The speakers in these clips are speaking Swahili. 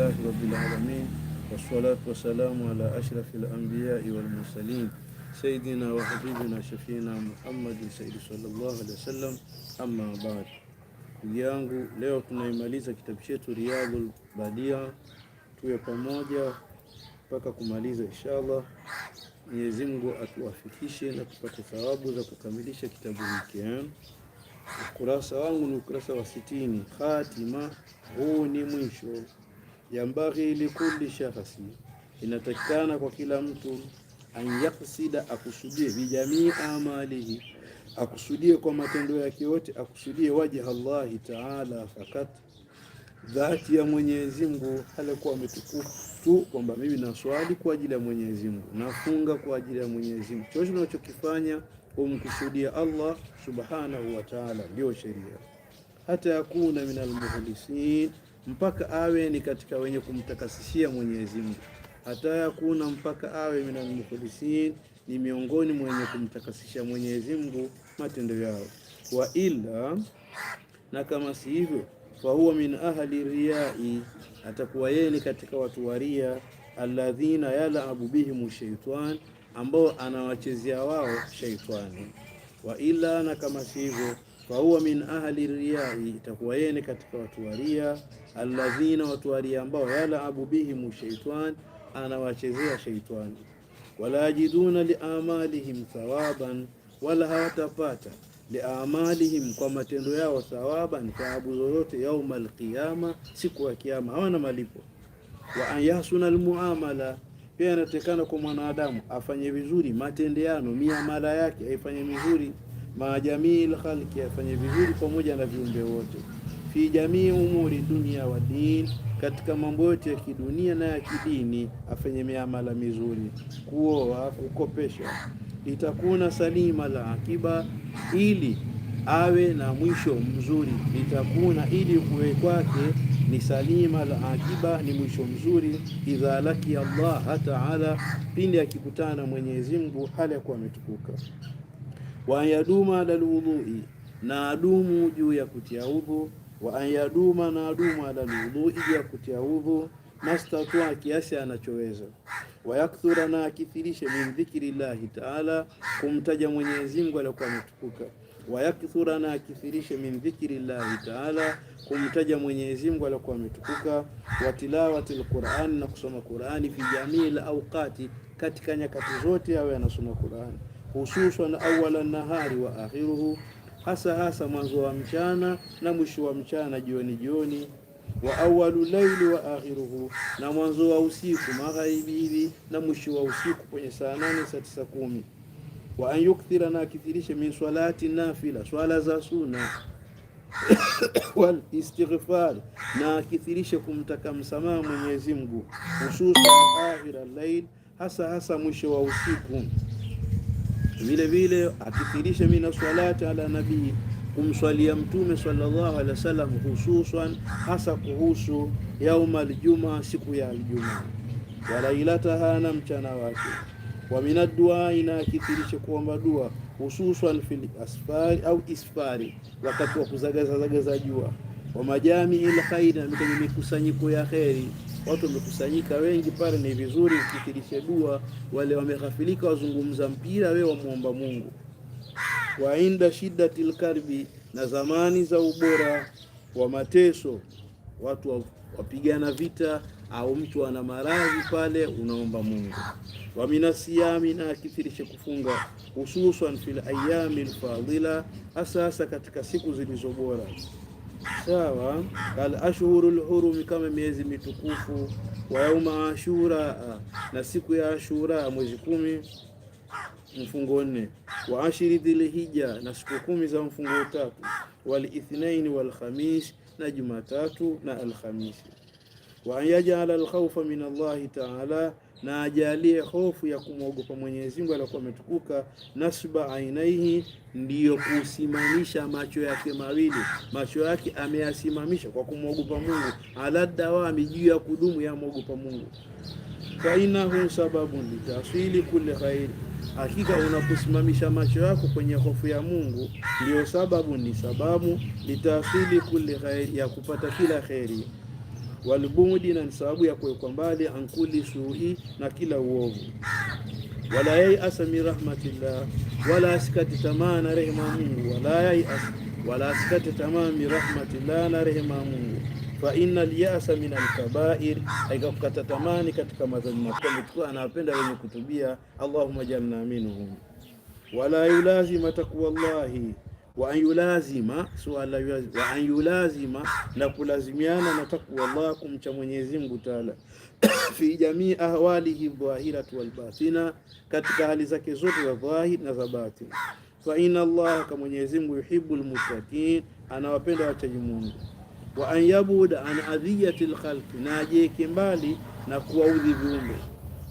Alhamdulillahi rabbil alamin wassalatu wassalamu ala ashrafil anbiyai wal mursalin sayidina wa habibina shafiina Muhammadin saidi sallallahu alaihi wasallam. Amma baad, ndugu yangu, leo tunaimaliza kitabu chetu Riyadul Badia, tuwe pamoja mpaka kumaliza inshallah. Mwenyezi Mungu atuwafikishe na tupate thawabu za kukamilisha kitabu hiki. Eh? Ukurasa wangu ni ukurasa wa sitini. Khatima, huu ni mwisho yambaghi likulli shakhsi, inatakikana kwa kila mtu an yaksida, akusudie jamii amalihi, akusudie kwa matendo yake yote, akusudie wajha Allahi taala fakat, dhati ya Mwenyezi Mungu alikuwa ametukufu tu, kwamba mimi naswali kwa ajili ya Mwenyezi Mungu, nafunga kwa ajili ya Mwenyezi Mungu. Chochote unachokifanya umkusudia Allah subhanahu wa taala, ndio sheria hata yakuna min almuhlisin mpaka awe ni katika wenye kumtakasishia Mwenyezi Mungu, hata yakuna mpaka awe minal mukhlisin, ni miongoni mwenye kumtakasishia Mwenyezi Mungu matendo yao. Wa ila, na kama si hivyo, fa huwa min ahli riyai, atakuwa yeye ni katika watu wa ria, alladhina yalabu bihimu shaitan, ambao anawachezea wao shaitani. Wa ila, na kama si hivyo fahuwa min ahli riyahi, itakuwa yeye ni katika watu wa ria, alladhina, watu wa ria ambao yalabu bihim shaitan, anawachezea shaitani. Wala yajiduna liamalihim thawaban, wala hawatapata liamalihim, kwa matendo yao, thawaban, thawabu zozote, yauma alqiyama, siku ya Kiyama hawana malipo. Wa an almuamala, pia inatekana kwa mwanadamu afanye vizuri matendeano, miamala yake aifanye vizuri ma jamii afanye vizuri pamoja na viumbe wote, fi jamii umuri dunia wa din, katika mambo yote ya kidunia na ya kidini, afanye miamala mizuri, kuoa, kukopesha, litakuna salima la akiba, ili awe na mwisho mzuri. Litakuna, ili kuwe kwake ni salima la akiba, ni mwisho mzuri. Idha laki Allah taala, pindi akikutana Mwenyezi Mungu, hali ya kuwa ametukuka wa an yaduma ala alwudhui, na adumu juu ya kutia udhu. Wa an yaduma, na adumu ala alwudhui, juu ya kutia udhu mastatua, kiasi anachoweza. Wa yakthura, na akithirishe min dhikri llahi taala, kumtaja Mwenyezi Mungu aliyokuwa ametukuka wayakthura na akithirishe min dhikri llahi taala kumtaja Mwenyezi Mungu aliyokuwa ametukuka. Wa Watilawati lqurani na kusoma Qurani fi jamii la katika nyakati zote awe anasoma Qurani hususan awala nahari wa akhiruhu, hasa hasa mwanzo wa mchana na mwisho wa mchana, jioni jioni. Wa awalu laili wa akhiruhu, na mwanzo wa usiku magharibi na mwisho wa usiku kwenye saa nane saa tisa kumi. Wa an yukthira, na akithirishe, min swalati nafila, swala za sunna wal istighfar, na akithirishe kumtaka msamaha Mwenyezi Mungu, hususan akhira lail, hasa hasa mwisho wa usiku vile vile akifirisha mina salati ala nabii, kumswalia mtume sallallahu alaihi wasallam, hususan hasa kuhusu yauma aljuma, siku ya wa lailataha na mchana wake, wa minadua ina akifirisha kuomba dua, hususan fil asfari au isfari, wakati wa kuzagaza zagaza jua, wa majamii ila khaira mikusanyiko ya kheri watu wamekusanyika wengi pale, ni vizuri ukithirishe dua. Wale wameghafilika wazungumza mpira, wewe wamwomba Mungu. wa inda shiddatil karbi, na zamani za ubora wa mateso, watu wapigana vita au mtu ana maradhi pale, unaomba Mungu. wa minasiyami, na akithirishe kufunga, hususan fil ayami lfadila, hasa hasa katika siku zilizobora sawa. Al ashhurul hurum, kama miezi mitukufu. Wa yauma ashura, na siku ya Ashura mwezi kumi mfungo nne. Wa ashiri dhilhija, na siku kumi za mfungo tatu. Wal ithnain wal khamis, na Jumatatu na Alhamisi. Wa an yaj'al al khawfa min Allah ta'ala na ajalie hofu ya kumwogopa Mwenyezi Mungu aliyokuwa ametukuka. Nasba ainaihi, ndiyo kusimamisha macho yake mawili, macho yake ameyasimamisha kwa kumwogopa Mungu. Ala dawami, juu ya kudumu ya mwogopa Mungu. Fainahu sababun litasili kulli khair, hakika unaposimamisha macho yako kwenye hofu ya Mungu ndiyo sababu, ni sababu litasili kulli khair, ya kupata kila kheri walbudi, na ni sababu ya kuwekwa mbali ankuli shuhi, na kila uovu. Wala yaiasa min rahmatillah, wala asikati tamaa na rehema ya Mungu. Wala yaiasa, wala asikati tamaa min rahmatillah, na rehema ya Mungu. Fa inna al-ya'sa min al-kaba'ir, aika kukata tamani katika madhambi makubwa. anapenda wenye kutubia. Allahumma jalna minhum. Wala yulazima taqwallahi wa an yulazima suala wa an yulazima, na kulazimiana na takwa Allah, kumcha Mwenyezi Mungu Taala fi jamii ahwalihi dhahira wal batina, katika hali zake zote za dhahir na za batin. Fa inna Allah, ka Mwenyezi Mungu, al mutaqin anawapenda wachaji Mungu. Wa an yabuda an al khalqi, na ajieke mbali na kuwaudhi viumbe.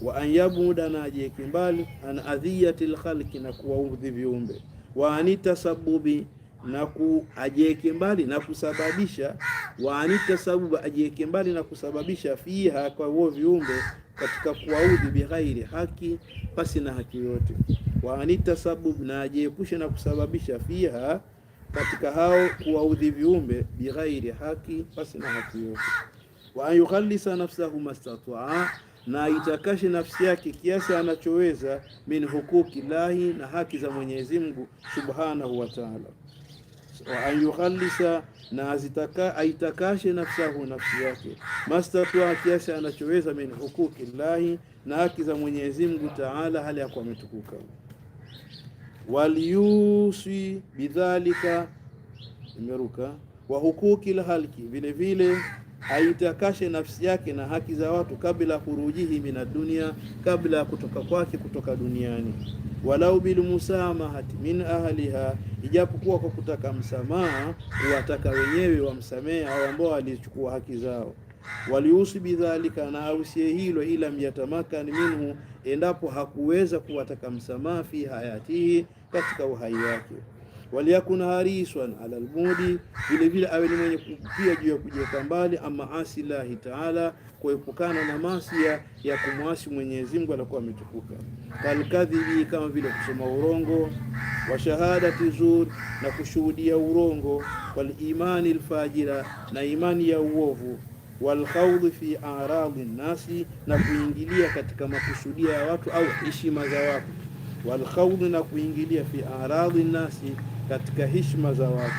Wa an yabuda, na ajieke mbali an al khalqi, na kuwaudhi viumbe waanitasabubi na kuajeke mbali na kusababisha, waanitasabubi ajeke mbali na kusababisha, fiha kwa huo viumbe katika kuwaudhi bighairi haki, pasi na haki yote. Waanitasabubi na ajiepushe na kusababisha, fiha katika hao kuwaudhi viumbe, bighairi haki, pasi na haki yote. waanyukhalisa nafsahu mastataa na aitakashe nafsi yake kiasi anachoweza min hukuki lahi, na haki za Mwenyezi Mungu subhanahu wa taala. Wa an yukhalisa, na azitaka aitakashe nafsahu, nafsi yake mastatua, kiasi anachoweza min hukuki lahi, na haki za Mwenyezi Mungu taala, hali yakuwa ametukuka. waliusi bidhalika, imeruka wa hukuki lhalki, vile vile aitakashe nafsi yake na haki za watu kabla hurujihi mina dunia, kabla ya kutoka kwake kutoka duniani. Walau bilmusamahati min ahliha, ijapokuwa kwa kutaka msamaha wataka wenyewe wamsamehe au ambao walichukua haki zao. Waliusi bidhalika, na ausie hilo, ila myatamakani minhu, endapo hakuweza kuwataka msamaha fi hayatihi, katika uhai wake walyakun harisan ala almudi, vile vile awe ni mwenye pia juu ya kujiweka mbali ama asi llahi taala, kuepukana na masia ya kumwasi Mwenyezi Mungu atakuwa ametukuka. Kalkadhibi, kama vile kusema urongo, wa shahadati zur, na kushuhudia urongo, walimani lfajira, na imani ya uovu walkhawdhi fi aradi nnasi, na kuingilia katika makusudia ya watu au heshima za watu. Walkhawdhi, na kuingilia fi aradi nnasi katika hishma za watu,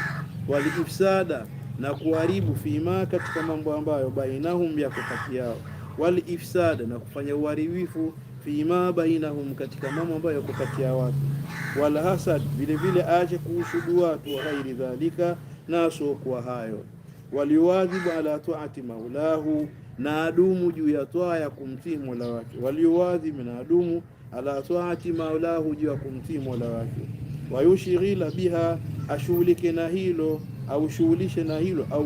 walifsada na kuharibu fima, katika mambo ambayo bainahum, yako kati yao, walifsada na kufanya uharibifu fima bainahum, katika mambo ambayo yako kati ya watu, wala hasad vile vile aache kuhusudu watu, wa ghairi dhalika na asiokuwa hayo, waliowajibu ala taati maulahu na adumu juu ya twaa ya kumtii mola wake, waliowadhibu na adumu ala taati maulahu juu ya kumtii mola wake wayushirila biha, ashughulike na hilo au shughulishe na hilo au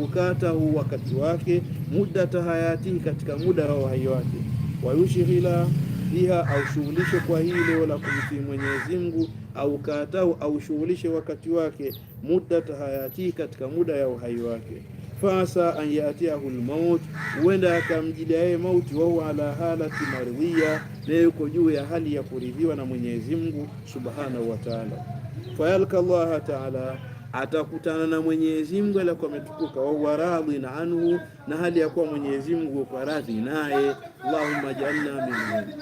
huu wakati wake, mudata hayati, katika muda wa uhai wake, wayushghila biha, au shughulishe kwa hilo la kumtii Mwenyezi Mungu, au katahu, au shughulishe wakati wake, mudata hayati katika muda ya uhai wake fasa an yatiahu lmaut, huenda akamjilia yeye mauti. Wahuwa ala halati maridhia, na yuko juu ya hali ya kuridhiwa na Mwenyezi Mungu subhanahu wa taala fayalka Allaha taala, atakutana na Mwenyezi Mungu aliyekuwa ametukuka, wa huwa radhin anhu, na hali ya kuwa Mwenyezi Mungu kwa radhi naye. Allahumma jalna minhu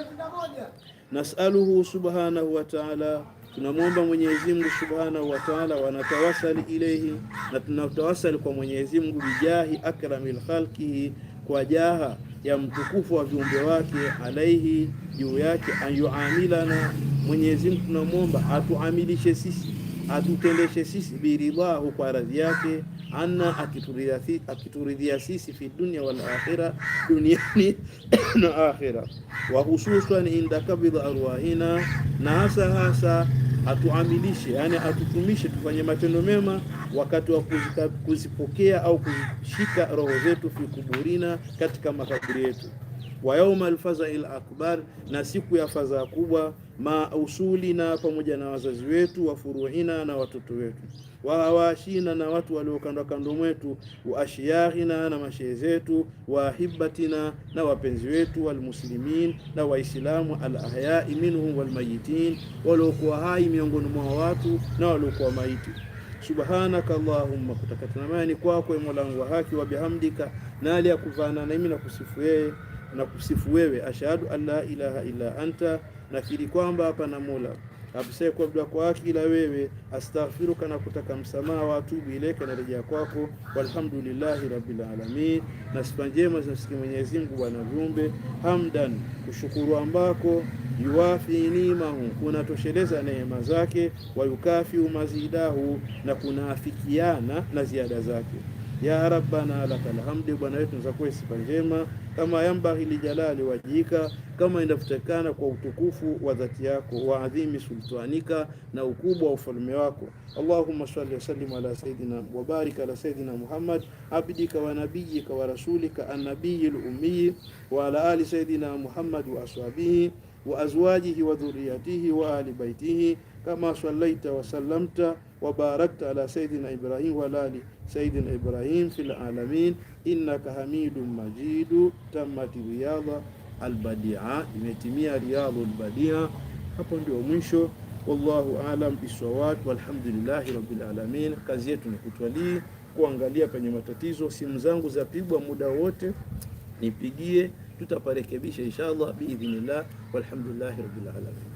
Nasaluhu subhanahu wa taala, tunamwomba Mwenyezi Mungu subhanahu wa taala, wanatawasali ilayhi, na tunatawasali kwa Mwenyezi Mungu bijahi akramil khalqihi, kwa jaha ya mtukufu wa viumbe wake, alaihi juu yake, anyuamilana Mwenyezi Mungu tunamwomba atuamilishe sisi, atutendeshe sisi biridhahu, kwa radhi yake, ana akituridhia sisi, fi dunya wal akhira, duniani na akhira, wa hususan inda kabidhi arwahina, na hasa hasa atuamilishe, yani atutumishe tufanye matendo mema wakati wa kuzipokea au kuzishika roho zetu, fi kuburina, katika makaburi yetu wa yaumal fazail akbar, na siku ya fadhaa kubwa, mausulina, pamoja na wazazi wetu, wa furuhina, na watoto wetu, wa na watu waliokando kando mwetu, wa na mashehe zetu, wa na wapenzi wetu, walmuslimin, na waislamu, alahyai minhum walmayitin, waliokuwa hai miongoni mwa watu na waliokuwa maiti. Subhanaka Allahumma, kutakatiramani kwako Mola wangu wa haki, wa bihamdika, na hali ya na mimi na kusifu yeye na kusifu wewe, ashhadu an la ilaha illa anta, nakiri kwamba hapana mola abusekuabdwa kwa haki ila wewe, astaghfiruka na kutaka msamaha, watubu ilaika na rejea kwako, walhamdulillahi rabbil alamin. Na sifa njema zinamsikia Mwenyezi Mungu bwana viumbe, hamdan, kushukuru ambako yuwafi nimahu, kunatosheleza neema zake, wayukafi umazidahu, na kunaafikiana na ziada zake ya rabbana lakal hamdi, Bwana wetu kwa sifa njema kama yambaghi lijalali wajika, kama inavyotakana kwa utukufu wa dhati yako, wa adhimi sultanika, na ukubwa wa ufalme wako. Allahumma salli sallim ala sayidina wa barik ala sayidina Muhammad abdika wa nabiyika wa rasulika annabiyil ummi wa ala ali sayidina Muhammad wa ashabihi wa azwajihi wa dhurriyatihi wa ali baitihi kama sallaita wa sallamta wa barakta ala sayidina Ibrahim wa ala ali sayidina Ibrahim fil alamin innaka hamidun majidu. Tamati riyadha albadia, imetimia riyadhu albadia. Hapo ndio mwisho. Wallahu alam bisawab, walhamdulillahi rabbil alamin. Kazi yetu ni kutwalii kuangalia penye matatizo. Simu zangu zapigwa muda wote, nipigie, tutaparekebisha inshallah biidhnillah, walhamdulillahi rabbil alamin.